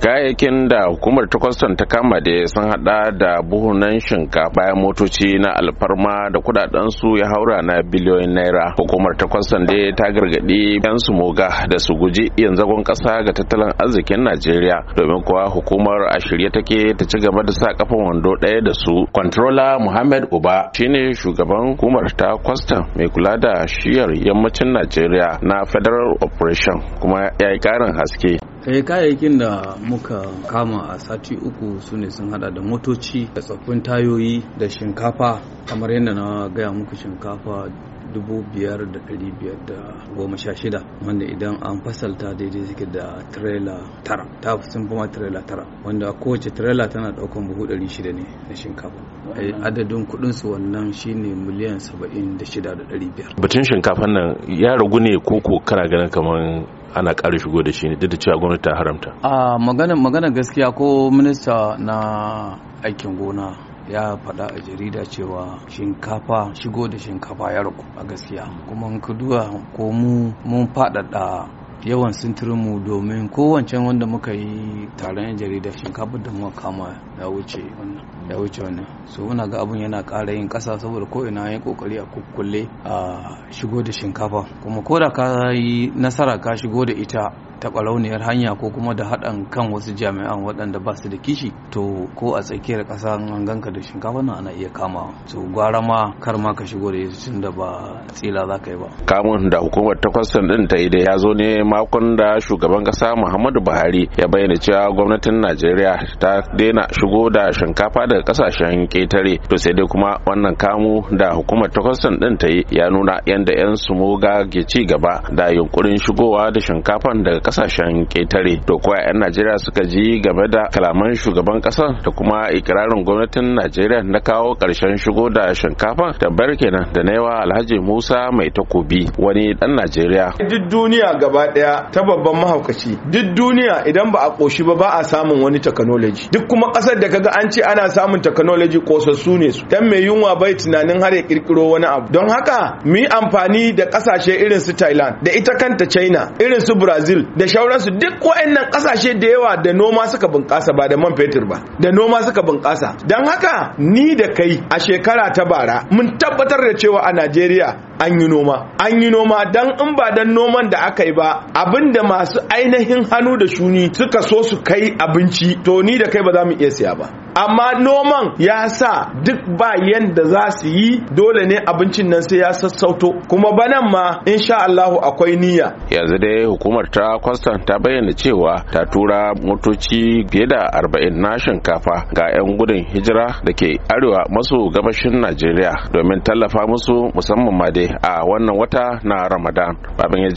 kayayyakin da hukumar ta kwastan ta kama da sun hada da buhunan shinkafa motoci na alfarma da kudaden su ya haura na biliyoyin naira hukumar ta kwastan da ta gargadi yan su moga da su guji yin zagon kasa ga tattalin arzikin najeriya domin kuwa hukumar a shirye take ta ci gaba da sa kafan wando ɗaya da su controller muhammad uba shine shugaban hukumar ta kwastan mai kula da shiyar yammacin najeriya na federal operation kuma ya yi karin haske eh kayayyakin da muka kama a sati uku su ne sun hada da motoci da tsoffin tayoyi da shinkafa kamar yadda na gaya muku shinkafa 5,516 wanda idan an fasalta daidai suke da tirela tara ta sun fama tirela tara wanda kowace tirela tana daukan buhu 600 ne na shinkafa eh, adadin kudin su wannan shine miliyan 76,500 batun shinkafan nan ya ragu ne ko ko kana ganin kamar ana ƙara shigo da shi ne duk da cewa gwamnati ta haramta a magana magana gaskiya ko minista na aikin gona ya faɗa a jarida cewa shinkafa shigo da shinkafa ya ragu a gaskiya kuma in ko mu mun faɗaɗa yawan sintirinmu domin kowance wanda muka yi taron yan jarida shinkafa da muka kama ya wuce wannan ya wuce so muna ga abun yana kara yin ƙasa saboda ko ina yin kokari a kukkulle a shigo da shinkafa kuma ko da ka yi nasara ka shigo da ita taɓarauniyar hanya ko kuma da haɗan kan wasu jami'an waɗanda ba su da kishi to ko a tsakiyar ƙasa an ganka da shinkafa nan ana iya kama to gwara ma kar ma ka shigo da tun da ba tsila za ka yi ba kamun da hukumar ta kwastan ɗin ta yi da ya zo ne makon da shugaban ƙasa muhammadu buhari ya bayyana cewa gwamnatin najeriya ta daina shigo da shinkafa daga ƙasashen ƙetare to sai dai kuma wannan kamu da hukumar ta kwastan ɗin ta yi ya nuna yadda 'yan sumoga ke ci gaba da yunkurin shigowa da shinkafan daga kasashen ketare to ko 'yan najeriya suka ji game da kalaman shugaban kasar da kuma ikirarin gwamnatin najeriya na kawo karshen shigo da shinkafa tabbar kenan da naiwa alhaji musa mai takobi wani dan najeriya duk duniya gaba daya ta babban mahaukaci duk duniya idan ba a koshi ba ba a samun wani technology duk kuma kasar da kaga an ce ana samun technology kosassu ne su dan mai yunwa bai tunanin har ya kirkiro wani abu don haka mu yi amfani da kasashe irin su thailand da ita kanta china irin su brazil da shauransu duk wa'annan kasashe da yawa da noma suka bunƙasa ba da man fetur ba da noma suka bunƙasa don haka ni da kai a shekara ta bara mun tabbatar da cewa a Najeriya an yi noma an yi noma don in ba don noman da aka yi ba abin da masu ainihin hannu da shuni suka so su kai abinci to ni da kai ba za mu iya siya ba amma noman ya sa duk ba yanda za su yi dole ne abincin nan sai ya sassauto kuma banan ma insha Allahu akwai niyya yanzu dai hukumar ta kwastan ta bayyana cewa ta tura motoci fiye da arba'in na shinkafa ga 'yan gudun hijira da ke arewa maso gabashin Najeriya domin tallafa musu musamman ma dai a wannan wata na Ramadan babin ya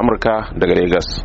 Amurka daga Legas.